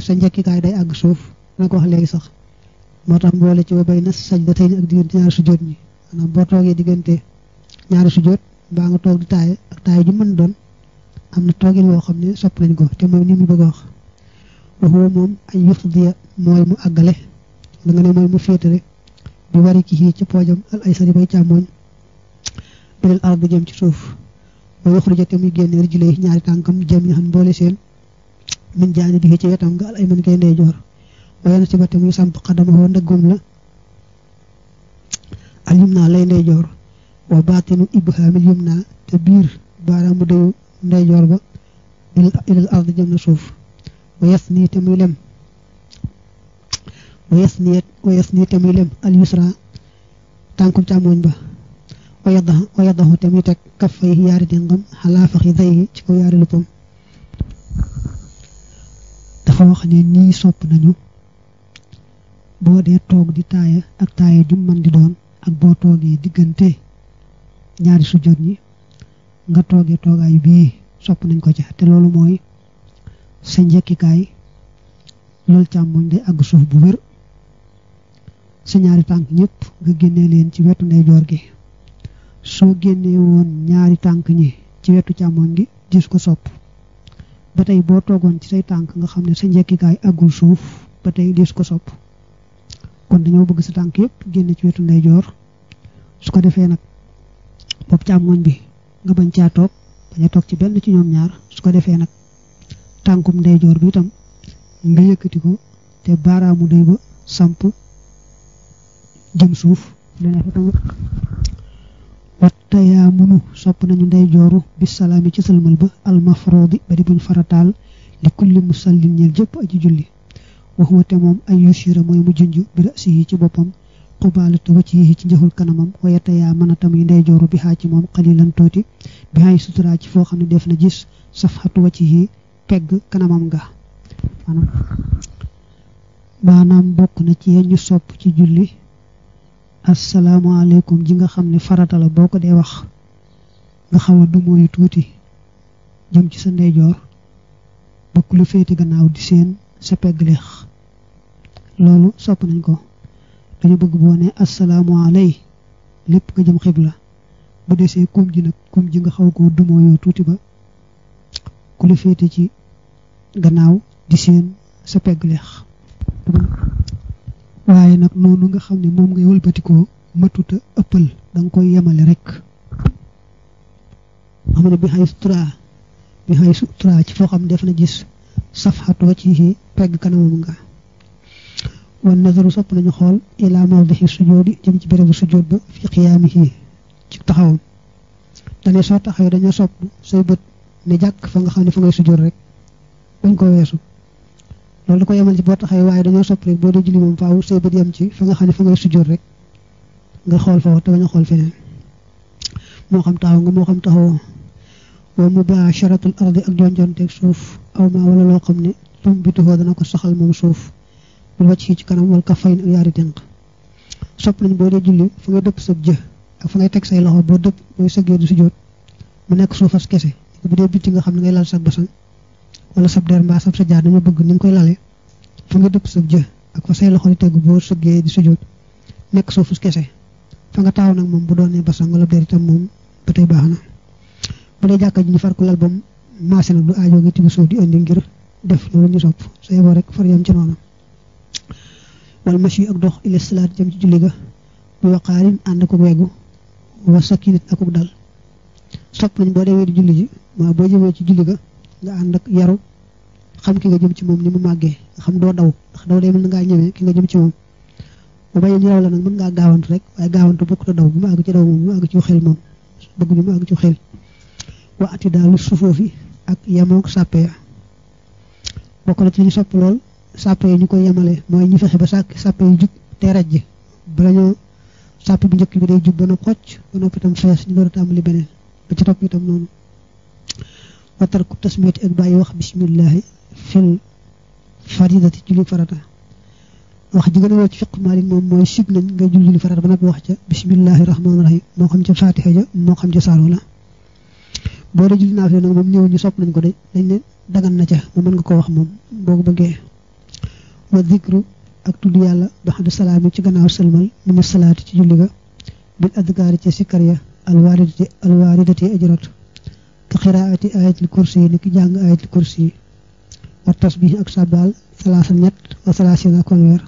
sa njekkikaay day àgg suuf dana ko wax léegi sax moo tax mboole ci wa bay na sajdatayni ak diggante ñaari sujjóot ñi maanaam boo toogee diggante ñaari sujjóot baa nga toog di taaye ak taaye ju mën doon am na toogin woo xam ne sopp nañ ko te mooy ni mu bëgg a wax waxuwa moom ay yufdiya mooy mu àggale da nga ne mooy mu féetale bi wari ki xii ci poojam al ay sari bay càmmooñ beneen arab bi jëm ci suuf ba yaxruja te muy génne rijlay ñaari tànkam jëm ñi xam mboole seen min jaani di fi ci wetam nga al ay mën ngay ndeyjoor wayen si bati muy samp xadamawoo ndëggum la al yum naa lay ndeyjoor wa baatinu ibhaamil yum naa te biir baaraamu dayu ndeyjoor ba ilal ard jëm na suuf wa yes nii te muy lem wa yes nii te muy lem al yusra tànkum càmmoñ ba wa yadaxu te muy teg kaf fay yaari dengam xalaa faxi day ci ko yaari luppam dafa wax ne ñii sopp nañu boo dee toog di taaya ak taaya ju mën di doon ak boo toogee diggante ñaari sujjóot ñi nga toogee toogaay bii sopp nañ ko ca te loolu mooy sa njekkikaay loolu càmmoñ day àgg suuf bu wér sa ñaari tànk ñëpp nga génnee leen ci wetu ndeyjoor gi soo génnee woon ñaari tànk ñi ci wetu càmmoñ gi gis ko sopp ba tey boo toogoon ci say tànk nga xam ne sa njekkikaay àggul suuf ba tey des ko sopp kon dañoo bëgg sa tànk yëpp génn ci wetu ndeyjoor su ko defee nag bopp càmmoñ bi nga bañ caa toog bañ a toog ci benn ci ñoom ñaar su ko defee nag tànkum ndeyjoor bi itam nga yëkkati ko te baaraamu day ba samp jëm suuf tayaamunu sopp nañu ndey jooru bisalaami ci sëlmal ba almafroodi ba di buñ farataal li kulli musallin ñeel jëpp aji julli waxuma te moom ay yusira mooy mu junj bi rasi yi ci boppam xubaalatu wacc yi ci njëxul kanamam waaye tayaa mën a tamuy jooru bi ci moom xalilan tuuti bi xaay suturaa ci foo xam ne def na gis safxatu wacc yi pegg kanamam nga bokk na ci ñu sopp ci julli asalaamaaleykum ji nga xam ne farata la boo ko dee wax nga xaw a du mooyu tuuti jëm ci sa ndeyjoor bokk lu féete gannaaw di seen sa pegg leex ko dañu bëgg boo ne asalaamaaley lépp nga jëm xibla bu desee kum ji nag ji nga xaw koo du tuuti ba ku ci gannaaw di seen sa pegg leex waaye nag noonu nga xam ne moom ngay wëlbatikoo matuta ëppal da koy yemale rek xam ne bi xay sutura bi xay sutura ci foo xam def na gis safxat waccihi pegg kanamam nga wan nazaru sopp nañu xool ilaa mawdixi sujoodi jëm ci bérébu sujood ba fi xiyaamihi ci taxawam dane soo taxawee dañoo sopp say bët ne jàkk fa nga xam ne fa ngay sujood rek bañ ko weesu loolu da ko yemal ci boo taxawee waaye dañoo sopp rek boo dee julli moom faaw say bët ne fa ngay nga xool foofu te bañ xool feneen moo xam taxaw nga moo xam taxawoo wa mubaasharatul ardi ak jonjonteeg suuf aw ma wala loo xam ne tumbituhoo dana ko saxal moom suuf bul wàcc ci kanam wala ka fayn ak yaari dénk nañ boo dee julli fa nga dëpp sab jë ak fa ngay teg say loxo boo dëpp booy sëggee du sujjóot mu nekk suufas kese bu dee bitti nga xam ne ngay laal sa basan wala sab mbaa sab sa jaar dañu bëgg ni nga koy lale fa nga dëpp sab jë ak fa say loxo di tegu boo sëggee di sujjóot nekk soo suufus kese fa nga taaw nag moom bu doonee basang wala der itam moom ba tey baax na bu dee jàkka ji ñu far ko lal ba maase du aajoo ngi tibb suuf di indi ngir def loolu ñu sopp say boo rek far yam ci noonu wal machi ak dox ila salaat jëm ci julli ga bi waqaarin ànd ko weggu wa sakinit ak dal sopp nañ boo dee wéeru julli ji maa boo jëmee ci julli nga ànd ak yaru xam ki nga jëm ci moom ni mu màggee xam doo daw ndax daw day mën ngaa ñëwee ki nga jëm ci moom bu bañee ñu raw la nag mën ngaa gaawantu rek waaye gaawantu bokk ta daw bu mu àgg ci daw moom bu mu àgg ci xel moom bëgg ñu mu àgg ci ak yemoog sàppe ya bokk na ci ñu sopp lool sàppe yi ñu koy yemale mooy ñu fexe ba sàkk sàppe yi jub te rajj bala ñoo bu njëkk bi day jub ba na xocc ba noppi tam fees ñu door a tàmbali beneen wa tarku tasmiyati ak bàyyi wax bismillahi fil faridati julli farata wax ji gën a woo ci fiq maalik moom mooy sib nañ nga julli farata ba noppi wax ca bismillahi rahmaani rahim moo xam ca faatiha ja moo xam ca saaru la boo dee julli naafila nag moom ñëw ñu sopp nañ ko de dañ ne dagan na ca mu mën nga ko wax moom boo ko bëggee wa zikru ak tudd yàlla baxadu salaam yi ci gannaaw sëlmal mina salaati ci julli ga bil adkaari ci sikkar ya alwaaridati ka xiraati ayatul kursi yi ni ki jàng ayatul kursi yi wa tasbih ak sabal salaasa ñett wa salaasina kon weer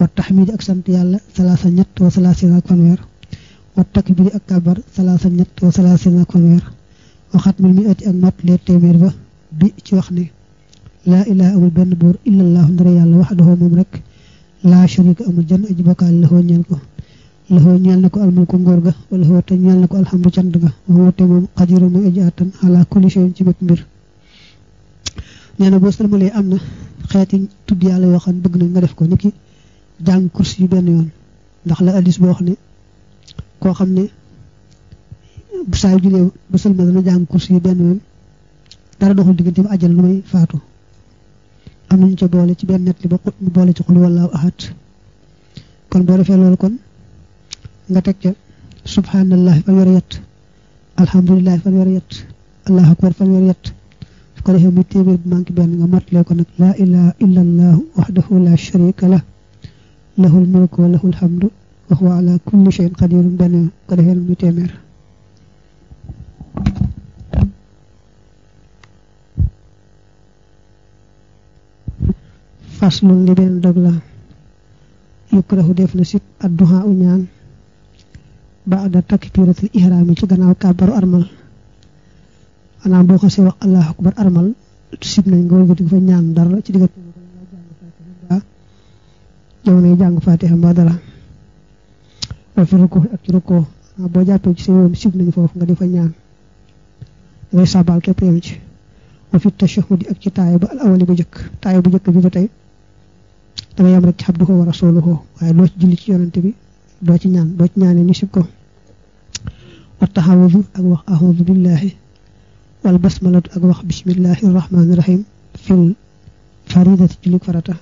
wa taxmid ak sant yàlla salaasa ñett wa salaasina kon weer wa takbir ak kabar salaasa ñett wa salaasina kon weer mi ati ak mot lee téeméer ba bi ci wax ne laa ilaha amul benn buur illallahu ndara yàlla waxdahu moom rek laa sharika amul jan aji la ñeen ko loxoo ñeel na ko almulku nguur ga wala xoo te ñeel na ko alxamdu cant ga waxoo te moom xajiru mooy aji ci bépp mbir nee na boo salmalee am na xeeti tudd yàlla yoo xam ne bëgg na nga def ko niki jàng kursi yu benn yoon ndax la addis boo koo xam ne bu saa yu julee bu salmal dana jàng yu benn yoon dara doxul diggante mu àjjana lu may am nañu ca boole ci benn net li boole ci xul kon boo defee loolu kon nga teg ca subhanallah fanweeri yett alhamdulilah fanweeri yett akbar fanweeri yett su defee muy téeméer bu manqué benn nga mottalee ko nag laa ilaha illa la sharika lah lahul mulku wa lahul hamdu wa huwa ala kulli shay'in qadirun benn yoon defee muy téeméer faslun li benn dog yukrahu def na sib adduha u ñaan baada takbiratul ihraam yi ci gannaaw kàbbaru armal maanaam boo xasee wax allahu akbar armal sib nañ nga wëlbati ko fa ñaan dara ci diggante yow nay jàng faatiha mbaa dara wa fi rukkoo ak ci rukkoo boo jàppee ci sa yoon sib nañ foofu nga defa fa ñaan dangay sàbbaal képp yam ci wa fi tashahudi ak ci taaya ba al awali bu jëkk taaya bu jëkk bi ba tey dangay am rek ci abduhu wa rasuluhu waaye doo ci julli ci yonante bi doo ci ñaan doo ci ñaanee ñu sib ko wa taxawudu ak wax axudu billahi wal basmalatu ak wax bismillahi rahmaani rahim fil faridati jullik farata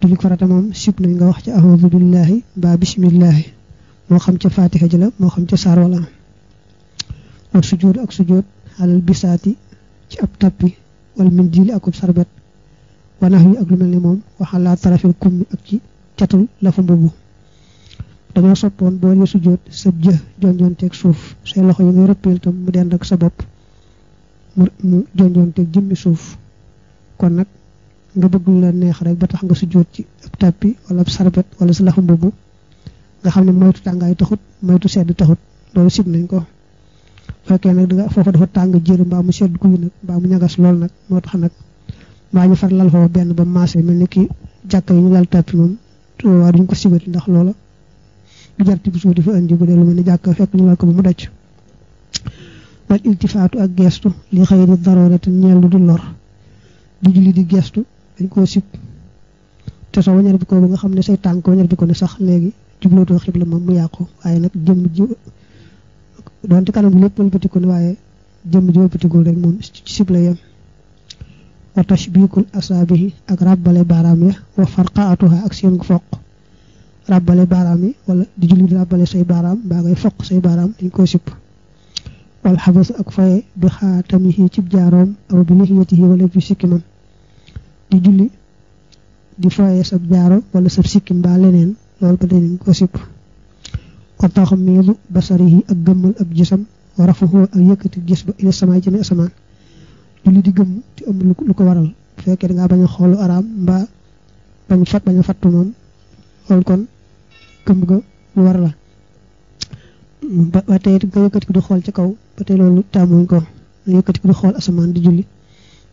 jullik farata moom sib nañ nga wax ca axudu billahi ba bismillahi moo xam ca fatiha ji la moo xam ca saar wala war sujjóot ak sujjóot xalal bisaati ci ab tappi wala min diili akub sarbet wanax yi ak lu mel ni moom waxalaa tarafil kummi ak ci catul lafa mbubu dañoo soppoon boo ñu sujjóot sab jë jonjoonteeg suuf say loxo yi ngay rëppeel mu dend ak sa bopp mu jonjoonteeg jëmmi suuf kon nag nga bëggul la neex rek ba tax nga sujjóot ci ab wala ab wala sa lafa mbubb nga xam ne moytu tàngaay taxut moytu sedd taxut loolu sib nañ ko fekkee nag nga foofa dafa tàng jër mbaa mu sedd guy nag mbaa mu ñagas lool nag moo tax nag mbaa ñu far lal foofa benn ba maase mel ni ki jàkka yi ñu lal tàppi moom waa duñ ko sibati ndax loola du jar tibb suuf di fa indi bu dee lu mel ni jàkka fekk ñu war ko ba mu daj wal iltifaatu ak gestu li xayri daruratin ñeel lu du lor di julli di gestu dañ koo sib te soo wañar bi ko nga xam ne say tànk wañar bi ko ne sax léegi jublootoo xibla moom mu yàqu waaye nag jëmm ji doonte kanam bi lépp wëlbatiku ne waaye jëmm ji wëlbatikul rek moom ci sib la yem wa tashbikul asaabihi ak ràbbale baaraam ya wa farqaatuha ak seen foq ràbbale baaraam yi wala di julli di ràbbale say baaraam mbaa ngay foq say baaraam dañ koo sipp wal xabas ak faye bi xaatamihi cib jaaroom aw bi lihiyatihi wala bi sikkimam di julli di faye sab jaaro wala sab sikkim mbaa leneen loolu ba dañ koo sipp wa taxmiidu basarihi ak gëmmal ab gisam wa rafahu ak yëkkati gis ba ila samaay jëme asamaan julli di gëmm te amul lu ko waral bu fekkee dangaa bañ a xoolu araam mbaa bañ fat bañ loolu kon këmb ga lu la ba ba tey ko di xool ci kaw ba tey loolu taamuñ ko nga yëkkati ko di xool asamaan di julli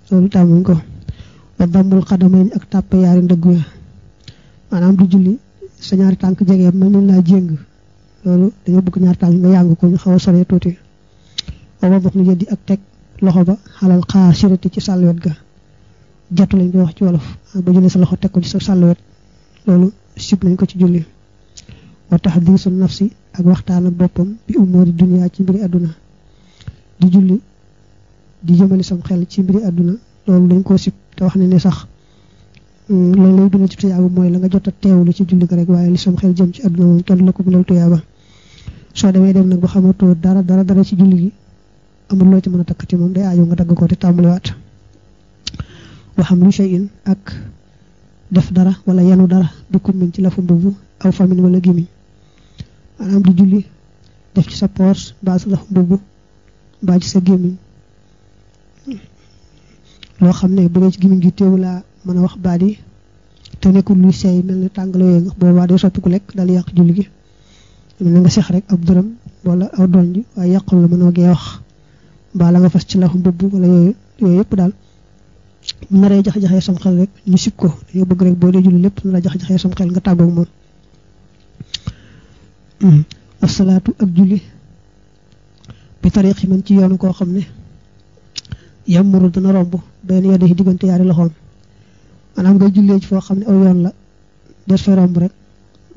loolu taamuñ ko ba dambul xadamayn ak tàpp yaari ndëgg ya maanaam di julli sa ñaari tànk jege mën nañ laa jéng loolu dañoo bëgg ñaari tànk nga yàng ko ñu xaw a sore tuuti booba bokk ñu jëddi ak teg loxo ba xalal xaa sirati ci sàllwet ga jatu lañ koy wax ci wolof ba jëlee sa loxo teg ko ci sa sàllwet loolu sib nañ ko ci julli wa tahdiisu nafsi ak waxtaan ak boppam bi umóori duniyaa ci mbiri àdduna di julli di jëmale sam xel ci mbiri àdduna loolu dañ koo sib te wax ne ne sax mm, loolu lay duna ci tuyaaba mooy la nga jot a teewlu ci julli ko rek waaye li sam xel jëm ci àdduna moom kenn la ko mënal tuyaaba soo demee dem nag ba xamatoo dara dara dara ci julli gi amul loo ci mën a takk ci moom day aajo nga dagg koo te tàmbaliwaat wa lu shay ak def dara wala yenu dara bi kummin ci lafu mbubb aw famin wala gémmiñ maanaam di julli def ci sa poos mbaa sa lafu mbubb mbaa ci sa gémmiñ loo xam ne bu ci gémmiñ gi teewu laa mën a wax baat yi te nekkul luy seey mel ni tàngalo yooyu nga boobaa day soppiku lekk dal yàq julli gi mën na nga seex rek ab dërëm wala aw donj waaye yàqul la mënoo gee wax mbaa la nga fas ci lafu mbubb wala yooyu yooyu yëpp daal naree jax-jaxee sam xel rek ñu sib ko dañoo bëgg rek boo dee julli lépp nara jax-jaxee sam xel nga tàggoog moom hmm. asalaatu ak julli bi tariix man ci yoonu koo xam ne yam yàmmuru dana romb benn yoon yi diggante yaari loxoom maanaam ngay jullee ci foo xam ne aw yoon la des fay romb rek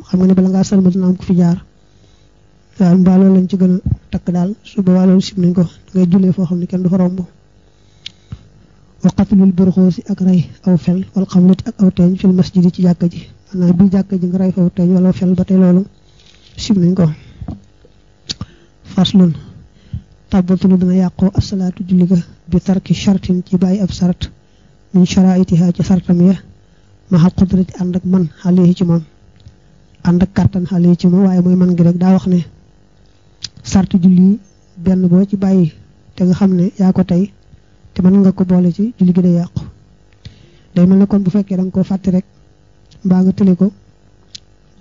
xam nga ne bala ngaa sëlma dina am ko fi jaar waaw mbaa loolu lañ ci gën takk daal su boobaa loolu sib nañ ko ngay jullee foo xam ne kenn du fa romb wa qatlul burxoosi ak rey aw fel wal xamlat ak aw teeñ fil masjid ci jàkka ji maanaam bi jàkk ji nga rey aw teeñ wala fel ba tey loolu sim nañ ko faslun tàbbatunu dina yàqoo asalaatu julli ga bi tarki shartin ci bàyyi ab sart min sharaitiha ci sartam ya maxa qudrati ànd ak man xale ci moom ànd ak kàttan xale ci moom waaye mooy man gi rek daa wax ne sart julli benn boo ci bàyyi te nga xam ne yaa ko tey te mën nga ko boole ci julli gi day yàqu day mel ne kon bu fekkee danga koo fàtte rek mbaa nga tële ko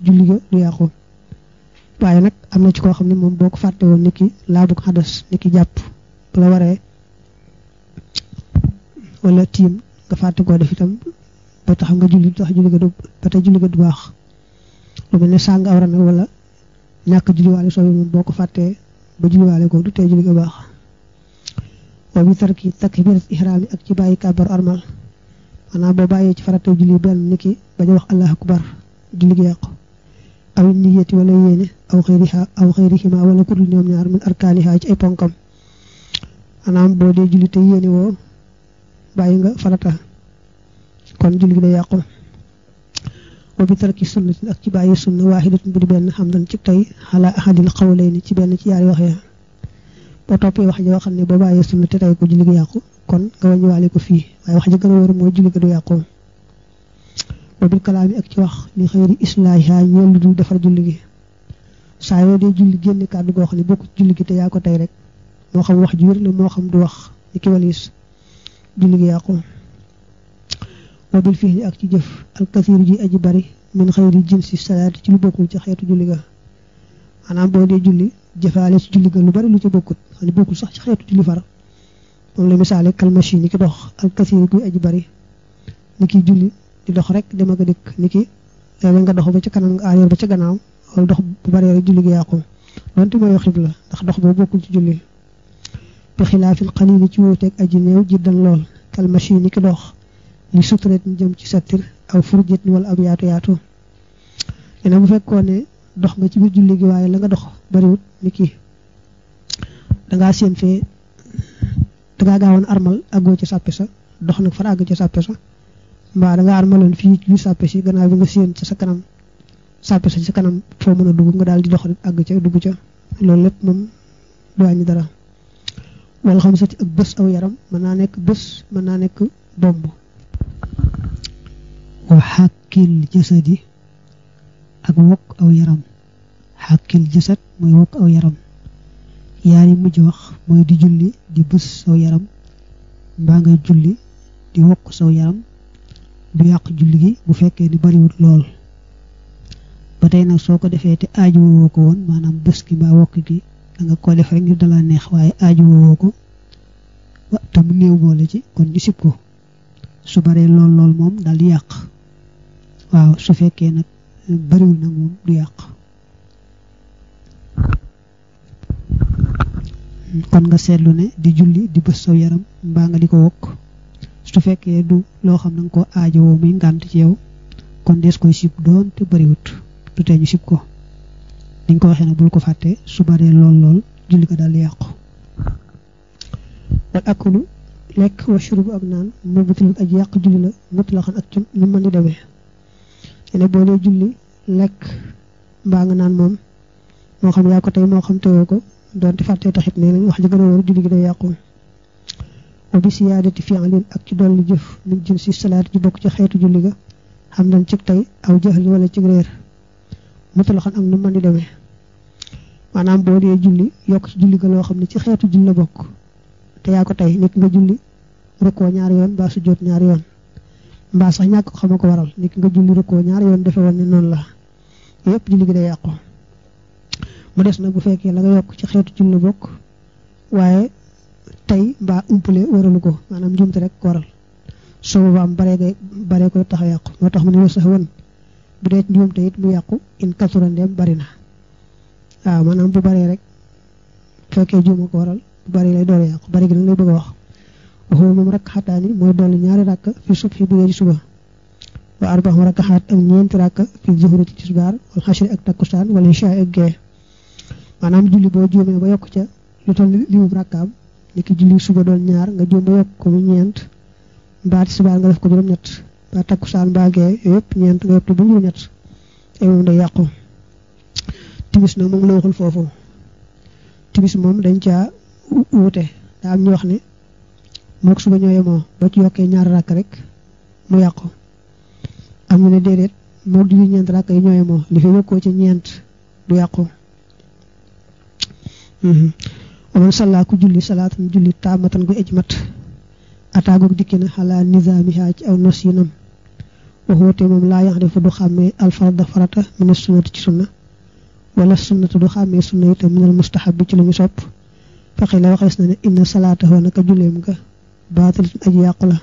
julli ga du yàqu waaye nag am na ci koo xam ni moom boo ko fàtte woon ni ki laabu ni ki jàpp bu la waree wala tiim nga fàtte koo def itam ba tax nga julli tax julli ga du baax lu mel ne sàng awra nag wala ñàkk julliwaale sooy boo ko fàttee ba julliwaale ko du tey julli ga baax wa bi tarki takbirat ihram ak ci bàyyi kàbbar armal maanaam bàyyee ci farata julli benn niki bañ a wax allah akbar julli gi yàqu aw niyyati wala yéene aw xayriha aw xayrihima wala kudul ñoom ñaar min arkaaniha ci ay ponkam maanaam boo dee julli te yéene woo bàyyi nga farata kon julli gi day yàqu wa bi tarki sunnatin ak ci bàyyi sunna waahidatin bu di benn xam dan ci tey xalaa ahadil xawlayni ci benn ci yi waxee boo toppee wax ji yoo xam ne boo bàyyee sunna te tey ko julli gi yàqu kon nga wàññiwaale ko fii waaye wax jë gën a mooy julli gi du yàqoon wa bil kalaam yi ak ci wax li xëyri islaaha ñeel lu dul defar julli gi saa yoo dee julli génne kàddu goo xam ne bokku julli gi te yaa ko tey rek moo xam wax ji wér moo xam du wax ni ki walis julli gi yàqoon wa bil fi'li ak ci jëf alkasiir ji aji bari min xëyri jinsi salaat ci lu bokkul ci xeetu julli ga maanaam boo dee julli jëfaale ci julli ga lu bari lu ci bokkut xam bokkul sax ci xeetu julli far moom la misaale kalmashi ni ki dox ak kasiir guy aji bari ni ki julli di dox rek dem ak a dikk ni ki léeg-léeg nga dox ba ci kanam nga arrière ci gannaaw dox bu bari rek julli gi yàqu mooy xib la ndax dox boobu bokkul ci julli bi xilaafil xalili ci wuuteeg aji néew jiddan lool kalmashi ni ki dox li sutreet ni jëm ci sattir aw furjet wala ab yaatu yaatu dina bu fekkoon ne dox nga ci biir julli waaye la nga dox bariwut ni kii dangaa séen fee dangaa gaawoon armal àggoo ci sàppe sa dox nag far àgg ci sàppe sa mbaa dangaa armaloon fii ci biir sàppe si gannaaw bi nga séen ci sa kanam sàppe sa ci sa kanam foo mën a dugg nga daal di dox àgg ca dugg ca loolu lépp moom du wàññi dara wala xam sa ci ak bës aw yaram mën naa nekk bës mën naa nekk bomb wa xàkkil jasadi ak wokk aw yaram xàkkil jasad mooy wokk aw yaram yaari mujj wax mooy di julli di bës saw yaram mbaa ngay julli di wokk saw yaram bu yàq julli gi bu fekkee ni bariwut lool ba tey nag soo ko defee te aaju woo ko woon maanaam bés ki mbaa wokk gi da nga ko def ngir dalaa neex waaye aaju woo ko wa néew boole ci kon ñu ko su baree lool lool moom daal di yàq waaw su fekkee nag eh, bariwul nag moom du yàq kon nga seetlu ne di julli di bës saw yaram mbaa nga di ko wokk su fekkee du loo xam na nga ko aajowoo muy ngànt ci yow kon des koy sib doon te bariwut du tee ñu ko dañ ko waxee ne bul ko fàtte su baree lool lool julli ko daal di yàqu wal akulu lekk wa shurubu ak naan mu butilut ak yàq ak mën di demee ne boo dee julli lekk naan moom moo xam yaa ko tey moo xam tewoo ko doonte fàttee taxit nee nañ wax ji gën a wóor julli gi day yàqu wa bi siyaadati fi'lin ak ci dolli jëf min jinsi salaat ji bokk ci xeetu julli ga xam nañ ci tey aw jaxli wala ci réer mutalaxan ak nu mën di demee maanaam boo dee julli yokk ci julli ga loo xam ne ci xeetu julli la bokk te yaa ko tey nit nga julli rukkoo ñaari yoon mbaa su jot ñaari yoon mbaa sax ñàkk ko xama ko waral nit nga julli rukkoo ñaar yoon defe woon ne noonu la yëpp julli gi day yàqu mu des na bu fekkee la nga yokk ci xeetu julli bokk waaye tey mbaa umpale waralu ko maanaam njuumte rek ko waral su boobaam baree koy baree koy tax a yàqu moo tax mu ne wës sax woon bu dee njuumte it mu yàqu in kasura ndeem bari na waaw maanaam bu baree rek bu fekkee juuma ko waral bu baree lay doole yàqu bari gi nag lay bëgg a wax waxoo moom rakk xataani mooy dolli ñaari rakk fi sub fi bu dee ci suba wa arbax rakk xaat am ñeenti rakk fi zuhru ci tisbaar wal maanaam julli boo juumee ba yokk ca lu toll liwub rakkaam ni ki julli suba doon ñaar nga juum ba yokk ko ñeent mbaa tisbaar nga def ko juróom ñett mbaa takkusaan mbaa gee yooyu ñeent nga yokk ko ba juróom ñett ay moom la waxul foofu moom dañ caa wuute ñu wax ne mook suba ñoo yemoo ba ci yokkee ñaari rakk rek mu yàqu am ñu ne déedéet mook ñeent rakk yi ñoo yemoo li fi yokkoo ci ñeent du yàqu waman mm-hmm. salla ku julli salaatan julli taamatan gu ejmat ataagoog dikki na xalaa nizaamiha ci aw nos yi nam waxoote moom laa yax defa du xàmmee alfarda farata mina sunnati ci sunna wala sunnata du xàmmee sunna itam minal mustahab bi ci lu ñu sopp faqi la waxees na ne inna salaata wa naka julleem nga baatilatun aji yàqu la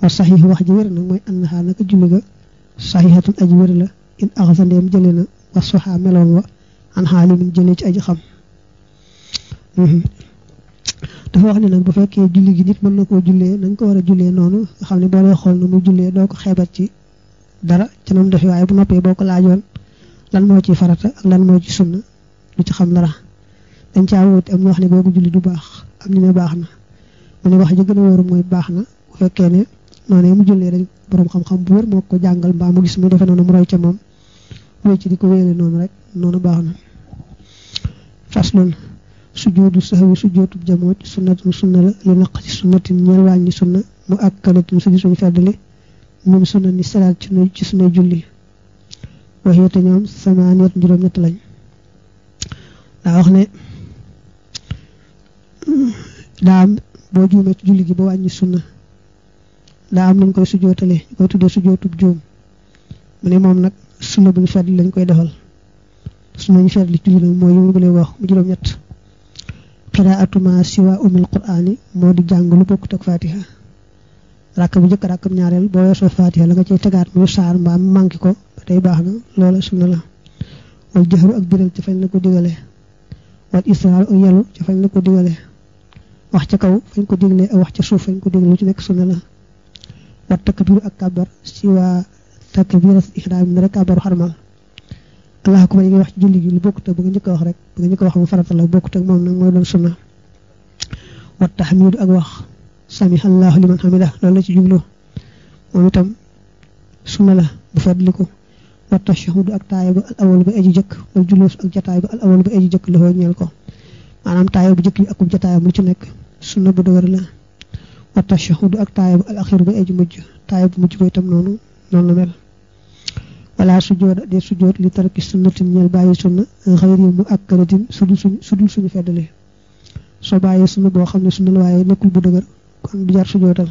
wa saxiix wax ji nag mooy annaha naka julli ga saxiixatun aji wér la in axasandeem jële na wa soxaa meloon wa an ci aji xam Mhm. dafa wax ne nag bu fekkee julli gi nit mën na koo jullee nañ ko war a jullee noonu nga xam ne boo dee xool na mu jullee doo ko xeebat ci dara ci nam defi waaye bu noppee boo ko laajoon lan moo ci farata ak lan moo ci sunna du ci xam dara dañ caa wóote am ñu wax ne ko julli du baax am ñu ne baax na mu ne wax ji gën a wóoru mooy baax na bu fekkee ne noonu mu jullee rek borom xam-xam bu wér moo ko jàngal mbaa mu gis mu defe noonu mu roy ca moom wéy ci di ko noonu rek noonu baax na fas loolu sujoodu sahwi sujoodu jamoo ci sunnatun sunna la li naq ci sunnatin ñeel wàññi sunna mu akkalatin suñu suñu feddali moom sunna ni salaat ci ci sunna julli waxee te ñoom lañ daa wax ne daa am ci julli gi ba wàññi sunna daa am koy sujootale ñu koy tuddee sujootub juum mu ne moom nag sunna bu ñu fedd lañ koy defal sunna ñu fedd li julli nag mooy yu mu lay wax mu juróom-ñett qiraatuma siwa umil quraani moo di jàng lu bokkut ak fatiha rakk bu njëkk rakk bu ñaareel boo weesoo fatiha la nga cay tegaat mu saar mbaam manqué ko ba tey baax na loola sunna la wal jëxru ak biral ci fañ la ko digale wal israaru ak yelu ci fañ la ko digale wax ca kaw fañ ko diglee ak wax ca suuf fañ ko digle lu ci nekk sunna la wat takbiru ak kabar siwa takbiru ihraam mi rek kabaru xarmal allahu akbar yi ngay wax ci julli gi lu bokkut ak bu nga njëkk a wax rek bu nga njëkk a wax mu farata la bokkut ak moom nag mooy doon sunna wa tahmidu ak wax sami allahu liman hamida loolu la ci jublu moom itam sunna la bu fadliku wa tashahudu ak taaya ba al awal ba aji jëkk wal ak jataay ba al awal jëkk la hoo ñeel ko maanaam taaya bu jëkk bi akub jataayam ci nekk sunna bu dëgër la wa tashahudu ak taaya ba al axiru ba aji mujj taaya bu mujj ba itam noonu noonu mel fala sujjóot de sujjóot li tarki sunnatin ñeel bàyyi sunna xayri mu akkaratin sudul suñu sudul suñu feddale soo bàyyi sunna boo xam ne sunna la waaye nekkul bu dëgër kon du jar sujjóotal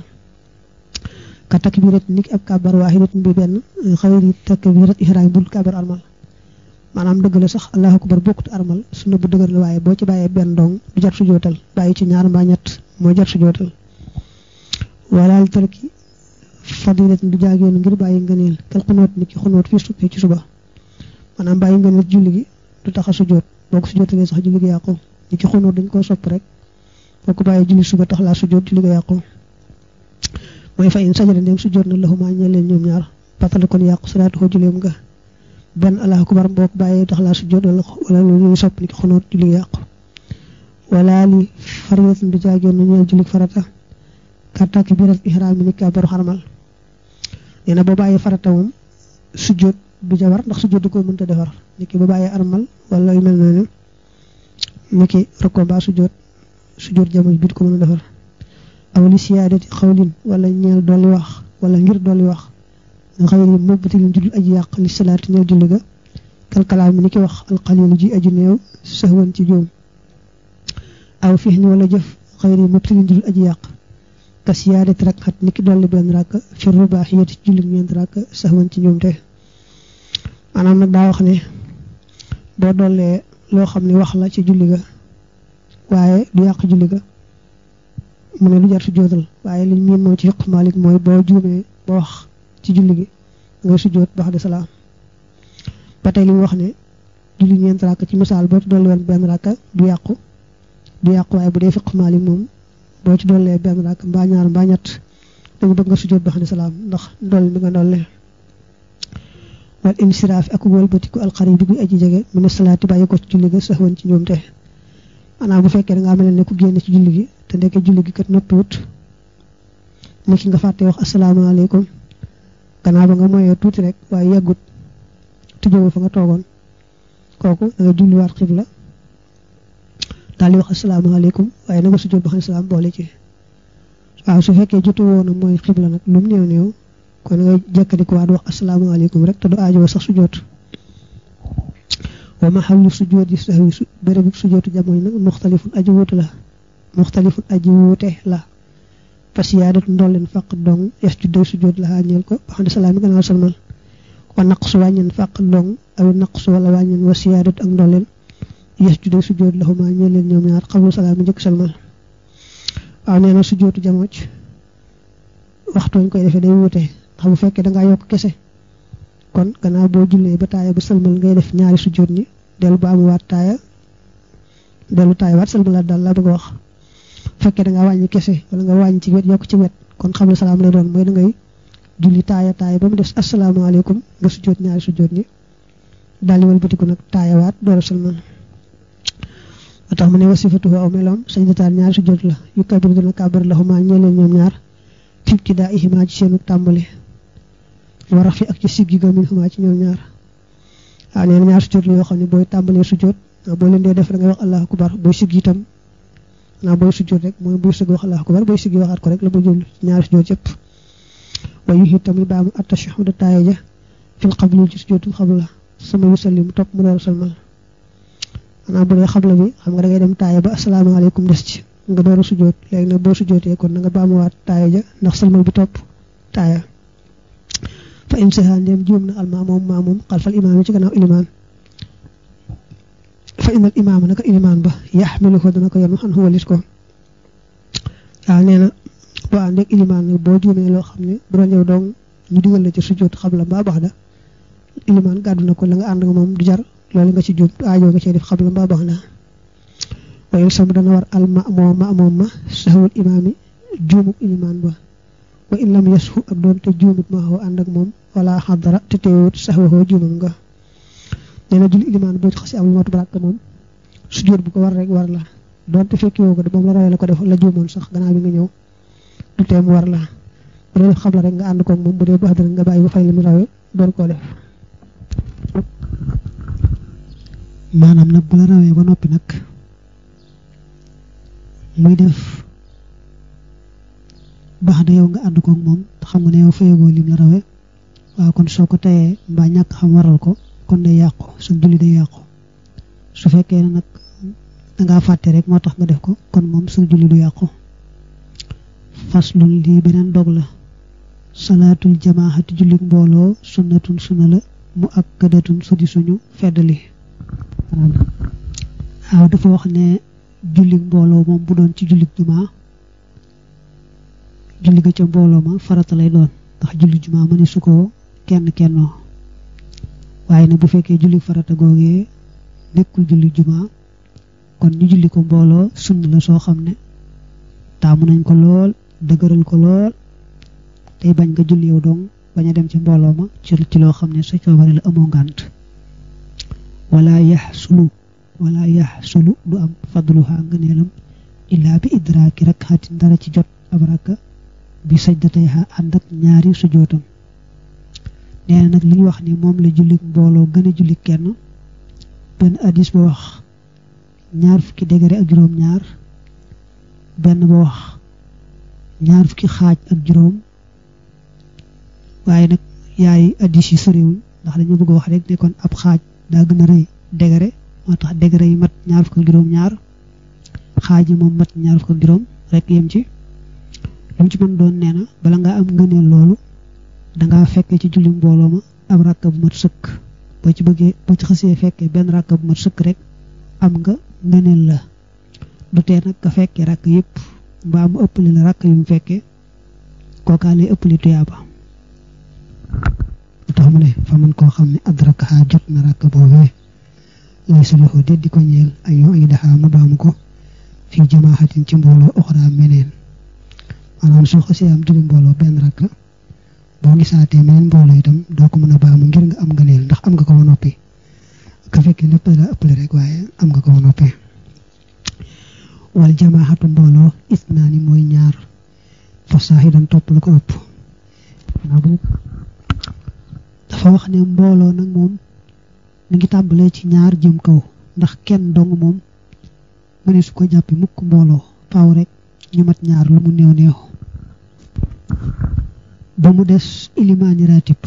ka takbirat niki ab kàbbar waahidatin bi benn xayri takbirat ihraam bul kàbbar armal maanaam dëgg la sax allahu akbar bokkut armal sunna bu dëgër la waaye boo ci bàyyee benn dong du jar sujjóotal bàyyi ci ñaar mbaa mooy moo jar sujjóotal walaal tarki fadilatin du jaag yoon ngir bàyyi ngëneel kal xunoot ni ki xunoot fii suppee ci suba maanaam bàyyi ngëneel julli gi du tax a sujjóot boo ko sujjóotalee sax julli gi yàqu ni ki xunoot dañ koo sopp rek boo ko bàyyi suba tax laa sujjóot julli gi yàqu mooy fa in sajada ndem sujjóot na laxumaa ñeel leen ñoom ñaar batala kon yàqu salaatu ko julleem nga benn allahu akbar boo ko bàyyee tax laa sujjóot wala wala lu ñuy sopp ni ki xunoot julli gi yàqu wala li faridatin du jaag yoon ñeel julli farata kàttaaki biiral ihraam ni kàbbaru xarmal nee na boo bàyyee farata moom sujjóot du ca ndax sujjóot du ko mënta defar ni ki boo bàyyee armal wala yu mel noonu ni ki rokko mbaa sujjóot sujjóot jamono bi du ko mën a defar aw li siyaadati xawlin wala ñeel dolli wax wala ngir dool dolli wax nga xam ne moom bëti luñ juddul aji yàq li salaati ñeel julli ga kalkalaam ni ki wax alxalilu ji aji néew saxwan ci joom aw fiix ni wala jëf xëy na moom bëti luñ juddul aji yàq kasiyaarati rakkat ni ki dolli benn rakk fi rubaahiyati ci julli ñeent rakk saxwan ci ñoom te maanaam nag daa wax ne doo dollee loo xam ne wax la ci julli ga waaye du yàq julli ga mu ne lu jar sujjóotal waaye liñ miin moo ci yokk Maalik mooy boo juumee boo wax ci julli gi ngay sujjóot baax de salaam ba tey li mu wax ne julli ñeent rakk ci misaal boo ci dolli woon benn rakk du yàqu du yàqu waaye bu dee fiq Maalik moom boo ci dollee benn nag mbaa ñaar mbaa ñett dañu bëgg nga sujjóot ba xam ne salaam ndax ndolli bi nga ndolli wal insiraaf ak wëlbatiku alxarib bi aji jege mu ne salaati bàyyi ko ci julli ga ci ñoom te maanaam bu fekkee da ngaa génn ci julli gi te ndekkee julli gi kat noppiwut ni ki nga fàtte wax asalaamaaleykum gannaaw ba nga moyee tuuti rek waaye yàggut tëjoo fa nga toogoon kooku da nga julliwaat xibla daal di wax asalaamaaleykum waaye na nga sujjóot ba xam salaam boole ci waaw su fekkee jotu woon mooy xibla nag lu mu néew néew kon nga jëkkandiku waat wax asalaamaaleykum rek te du aajoo sax sujjóot wa maxallu sujjóot yi sax yi bérébu sujjóotu la muxtalifun aji wuute la parce que yaa def ndolleen fàq dong yes sujjóot la ñeel ko ba xam ne salaam yi gannaaw salmal wa naqsu wàññeen fàq dong awi naqsu wala wàññeen wa siyaadat ak ndolleen yes ju de sujjóot laxumaa ñeel leen ñoom ñaar xablu salaam njëkk salmal waaw nee na sujjóotu jamooc waxtooñ koy defee day wuute ndax bu fekkee dangaa yokk kese kon gannaaw boo jullee ba taaya ba salmal ngay def ñaari sujjóot ñi dellu ba amuwaat taaya dellu taaya waat salmalaat daal laa bëgg a wax fekkee dangaa wàññi kese wala nga wàññi ci wet yokk ci kon xablu salaam lay doon mooy da ngay julli taaya taaya ba mu des asalaamaaleykum nga sujjóot ñaari sujjóot ñi daal di wëlbatiku nag taayawaat door a salmal moo tax mu ne wasifatuhu aw meloom sajdataan ñaari sujjóot la yu kabiru dana kabar laxumaa ñeeleen ñoom ñaar fi ibtidaa ihimaa ci seenu tàmbali warax fi ak ci siggi ga min xumaa ci ñoom ñaar waaw nee ñaari sujjóot la yoo xam ne booy tàmbalee sujjóot boo leen dee def da ngay wax allahu akbar booy siggi itam naa booy sujjóot rek mooy booy siggi wax allahu akbar booy siggi waxaat ko rek la ba jël ñaari sujjóot yëpp waaye yi itam li baamu attashahhuda taaya ja fil qabli ci sujjóotul qabla sama yusallim topp mu maanaam bu dee xabla bi xam nga da dem taaya ba asalaamaaleykum des ci nga door a sujjoot léegi nag boo sujjootee kon na nga waat taaya ja ndax salmal bi topp taaya fa imsihaa ndem juum na almaamoom maamoom xalfal imaam ci gannaaw ilimaan fa inal imaam naka ba yaxmilu ko na ko yenu xan ko waaw nee na boo àndeeg ilimaan boo juumee loo xam ne bu doon yow dong ñu digal la ci sujjoot xabla mbaa bax da ilimaan gàddu na ko la nga ànd nga moom du jar loolu nga ci jub aajoo nga cee def xabla mbaa baax na waaye sama dana war al maamoom maamoom ma saxwul imaami juumuk ilimaan ba wa in lam yasxu ak doon te juumut ma xaw ànd ak moom wala xadara te teewut saxwaxoo juumam ci am lu matu baraka moom sujjóot bu ko war rek war la doonte fekk woo ko de moom la rawee la ko def la juumoon sax gannaaw bi nga ñëw du teem war la bu dee def xabla rek nga ànd koog moom bu dee bu xadara nga bàyyi ba fay li mu rawee door koo def maanaam nag bu la rawee ba noppi nag muy def baax da yow nga ànd koog moom xam nga ne yow fayagoo lim la rawee waaw kon soo ko teyee mbaa ñàkk xam waral ko kon day yàqu su julli day yàqu su fekkee ne nag dangaa fàtte rek moo tax nga def ko kon moom su julli du yàqu faslun lii beneen dog la salaatul jamaahati jullit mbooloo sunnatun sunna la mu akkadatun su di suñu feddali waaw dafa wax ne julli mbooloo moom bu doon ci julli jumaa julli ga ca mbooloo ma farata lay doon ndax julli jumaa ma ne su ko kenn kennoo waaye nag bu fekkee julli farata googee nekkul julli jumaa kon ñu julli ko mbooloo sunna la soo xam ne taamu nañ ko lool dëgëral ko lool tey bañ nga julli yow dong bañ dem ci mbooloo ma ci ci loo xam ne sa coobare la amoo ngànt wala yaxsulu wala yaxsulu du am fadluha ngëneelam illaa bi idraaki rek xaatin dara ci jot ab rakka bi sajdatayha ànd ak ñaari sujootam nee nag li wax ni moom la jullik mbooloo gën a kenn benn addis ba wax ñaar fukki degré ak juróom ñaar benn ba wax ñaar fukki xaaj ak juróom waaye nag yaay addis yi soriwuñ ndax dañu bëgg wax rek ne ab xaaj daa gën a rëy degré moo tax degré yi mat ñaar fukk ak juróom-ñaar xaaj moom mat ñaar fukk juróom rekk yem ci lu ci mën doon nee na bala ngaa am ngëneel loolu danga fekke ci julli mbooloo ma ab rakk bu mat sëkk boo ci bëggee boo ci xasee fekkee benn rakk bu mat sëkk rek am nga ngëneel la du tee nag nga fekkee rakk yépp mbaa mu ëppale la rakk yu mu fekkee kookaa lay ëppale tuyaaba lu tax ma ne fa man koo xam ne adraka jot na rakk boobee lay suluxu de di ko ñeel ay yoo ay daxaa mu baamu ko fii jamaaxatin ci mbooloo oxraa meneen maanaam soo xasee am julli mbooloo benn rakk boo gisaatee meneen mbooloo itam doo ko mën a baamu ngir nga am nga neel ndax am nga ko ba noppi ka fekkee lépp la ëppale rek waaye am nga ko ba noppi wal jamaaxatu mbooloo isnaani mooy ñaar fa saaxidan topp lu ko ëpp dafa wax ne mbooloo nag moom mi ngi tàmbalee ci ñaar jëm kaw ndax kenn dong moom mu su ko jàppee mukk mbooloo faaw rekk ñu mat ñaar lu mu néew néew ba mu des ilimaani raatib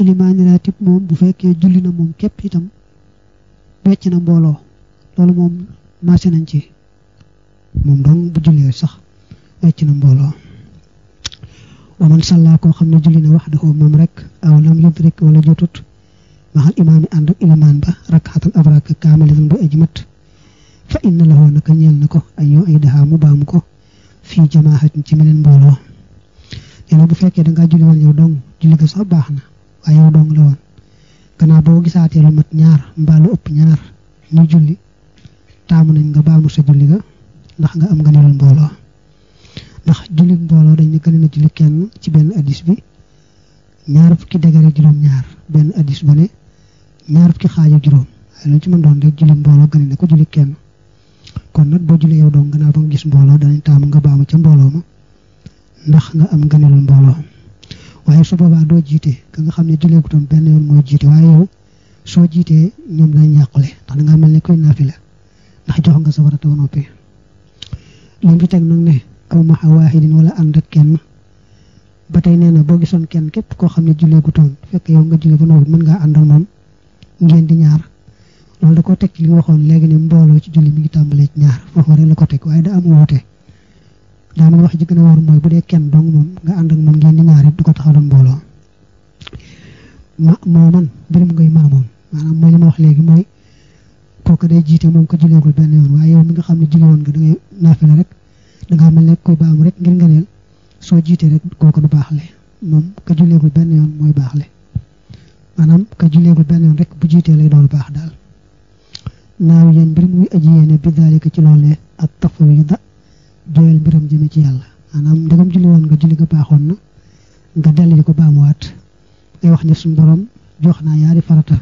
ilimaani raatib moom bu fekkee julli na moom képp itam wecc na mbooloo loolu moom maase nañ ci moom dong bu jullee sax wecc na mbooloo waman salla koo xam ne julli na waxdahu moom rek aw lam yudrik wala jotut maxal imaam yi ànd ak ilimaan ba rakxatal abraka kaamilatan bu aji mat fa inna lahoo naka ñeel na ko ay yoo ay daxaa mu baamu ko fii jamaaxatin ci meneen mbooloo nee bu fekkee dangaa julli woon yow dong julli ga sax baax na waaye yow dong la woon gannaaw boo gisaatee lu mat ñaar mbaa lu ëpp ñaar ñu julli taamu nañ nga baamu sa julli ga ndax nga am nga nelul mbooloo jullit mbooloo dañ ne gën na julli kenn ci benn addis bi ñaar fukki degare juróom ñaar benn addis bu ne ñaar fukki xaajoo juróom waaye lu ci mën doon rek julli ko julli kenn kon nag boo julli yow dong gannaaw ba nga gis mbooloo danañ taamu nga baamu ca mbooloo ma ndax nga am gënalul mbooloo waaye su boobaa doo jiite ka nga xam ne julleegutoon benn yoon mooy jiite waaye yow soo jiitee ñoom dañ yàqule ndax da mel ni koy naafi la ndax jox nga sa war a taw noppi aw maxa waahidin wala ànd ak kenn ba tey nee na boo gisoon kenn képp koo xam ne jullee gu toon fekk yow nga jullee ba noppi mën ngaa àndal moom ngeen di ñaar loolu da koo teg ci li waxoon léegi ne mbooloo ci julli mi ngi tàmbalee ci ñaar foofu rek la ko teg waaye da am wuute wax ji gën a wóor bu dee kenn dong moom nga ànd ak moom ngeen di ñaar ko taxaw doon mbooloo ma mooman mbirum ngay maamoon maanaam mooy li ma wax léegi mooy kooku dee jiite moom ko julleegul benn yoon waaye yow mi nga xam ne julli woon nga da ngay naafila rek dangaa mel ne kuy baam rek ngir nga soo jiitee rek kooku du baax baaxle moom ka julleegul benn yoon mooy baaxle maanaam ka julleegul benn yoon rek bu jiitee lay doon baax daal naaw yéen mbir muy aji yéene bi daalika ci loolee ak da jooyal mbiram jëme ci yàlla maanaam ndegam julli woon nga julli nga baaxoon na nga dellu ko waat ay wax ne suñu borom jox naa yaari farata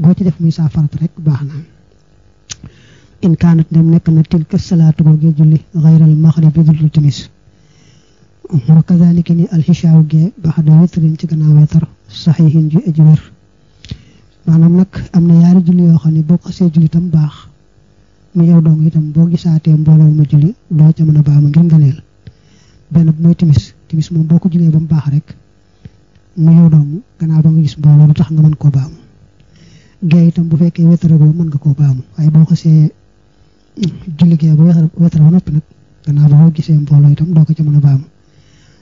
boo ci def muy saa farata rek baax na in kaanat dem nekk na tilka salaatu googee julli xayral maxribi dul timis wa kazalika ni alxishaaw gee baxda ci gannaaw wetar saxiixin maanaam nag am na yaari julli yoo xam ne boo xasee julli tam baax mu yow dong itam boo gisaatee mbooloo ma julli doo baax ma benn bu mooy timis timis moom boo ko jullee ba mu baax rek mu yow dong gannaaw ba nga gis mbooloo lu tax nga mën koo baamu gee itam bu fekkee wetaragoo mën nga koo baamu waaye boo xasee julli gee bu wetar ba noppi nag gannaaw ba boo gisee mbooloo tam doo ko ci mën a baamu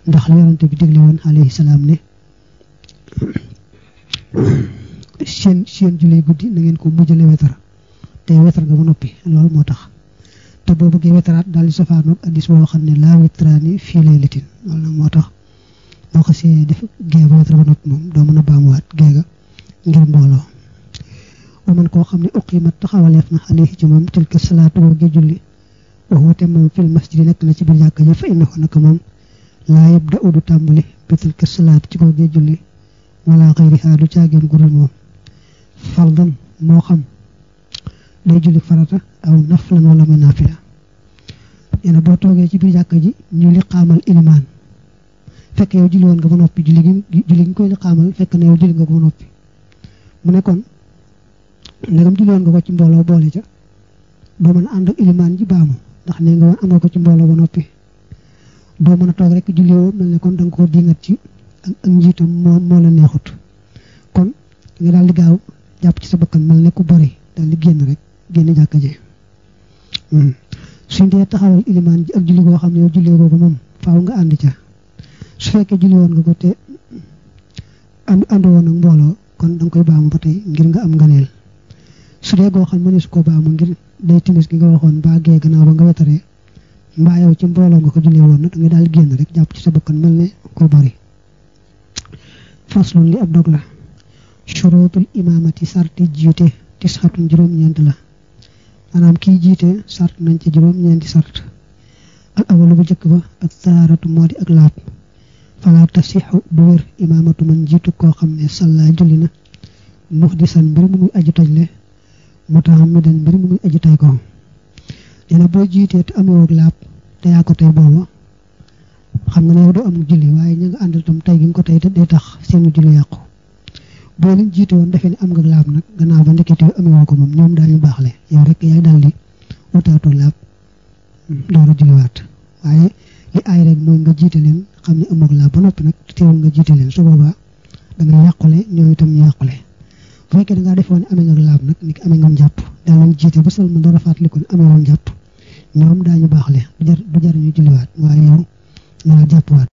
ndax li bi digle woon alayhi salaam ne seen seen julli guddi na ngeen ko mujjale wetar te wetar nga ba noppi loolu moo tax te boo bëggee wetaraat dal di safaanoog addis boo xam ne laa wetraani fii lay litin loolu moo tax boo ko see def gee ba wetar ba noppi moom doo mën a baamuwaat gee ngir mbooloo ba mën koo xam ne uqimat taxawaleef na alayhi ci moom tilka salaatu wooge julli waxuute moom fil masjidi nekk na ci biir jàkka ja fa innahu naka moom laa yabda ci googee julli wala xayriha du caageen moo xam day julli farata na boo toogee ci biir jàkka ji ñu liqaamal ilimaan fekk yow julli woon nga ba noppi julli gi julli gi koy liqaamal fekk na yow julli nga ko ba mu ne ndegam julliwoon nga ko ci mbooloo boole ca boo mën a ànd ak ilimaan ji baamu ndax nee nga woon amoo ko ci mbooloo ba noppi doo mën a toog rek julliwoo mel ne kon da nga koo diingat ci ak njiitam moo moo la neexut kon nga daal di gaaw jàpp ci sa bakkan mel ne ku bari daal di génn rek génn jàkka ji hmm. suñ dee taxawal ilimaan ji ak julli goo xam ne yow jullee ko moom faaw nga ànd ca fekkee julli woon nga ko te ànd mbooloo kon da nga koy baamu ba tey ngir nga am ngëneel su dee goo xam ne mënees koo baamu ngir day timis gi nga waxoon ba àggee gannaaw ba nga wetaree mbaa ci mbooloo nga ko jullee woon nag nga daal génn rek jàpp ci sa bakkan mel ne ko bari faslun li ab dog la shurutul imaamati sarti jiite tisxatun juróom-ñeent la maanaam kii jiite sart nañ ci juróom-ñeenti sart al awalu bu njëkk ba ak taharatu moo di ak laab falaa tasixu bu wér imaamatu man jiitu koo xam ne salla julli na mux di san mbir mu aji tojle mutahammadan mbir mu muy aji tey ko nee na boo jiitee te amewoog laab te yaa ko tey booba xam nga ne yow doo am julli waaye ña nga àndal tam tey gi nga ko tey te day tax seenu julli yàqu boo leen jiite woon defee ne am nga laab nag gannaaw ba ndekete amewoo ko moom ñoom daa baax baaxle yow rek yaay daal di wutaatu laab door a julliwaat waaye li aay rek mooy nga jiite leen xam ne amoog laab ba noppi nag teewul nga jiite leen su boobaa da nga yàqule itam ñu yàqule bu fekkee da ngaa def woon amee nga laab nag ni ki amee ngam jàpp daal lañ jiite ba sal ma dara fàttali kon amee woon jàpp ñoom daañu baaxle du jar du jar waat julliwaat waaye yow nga waat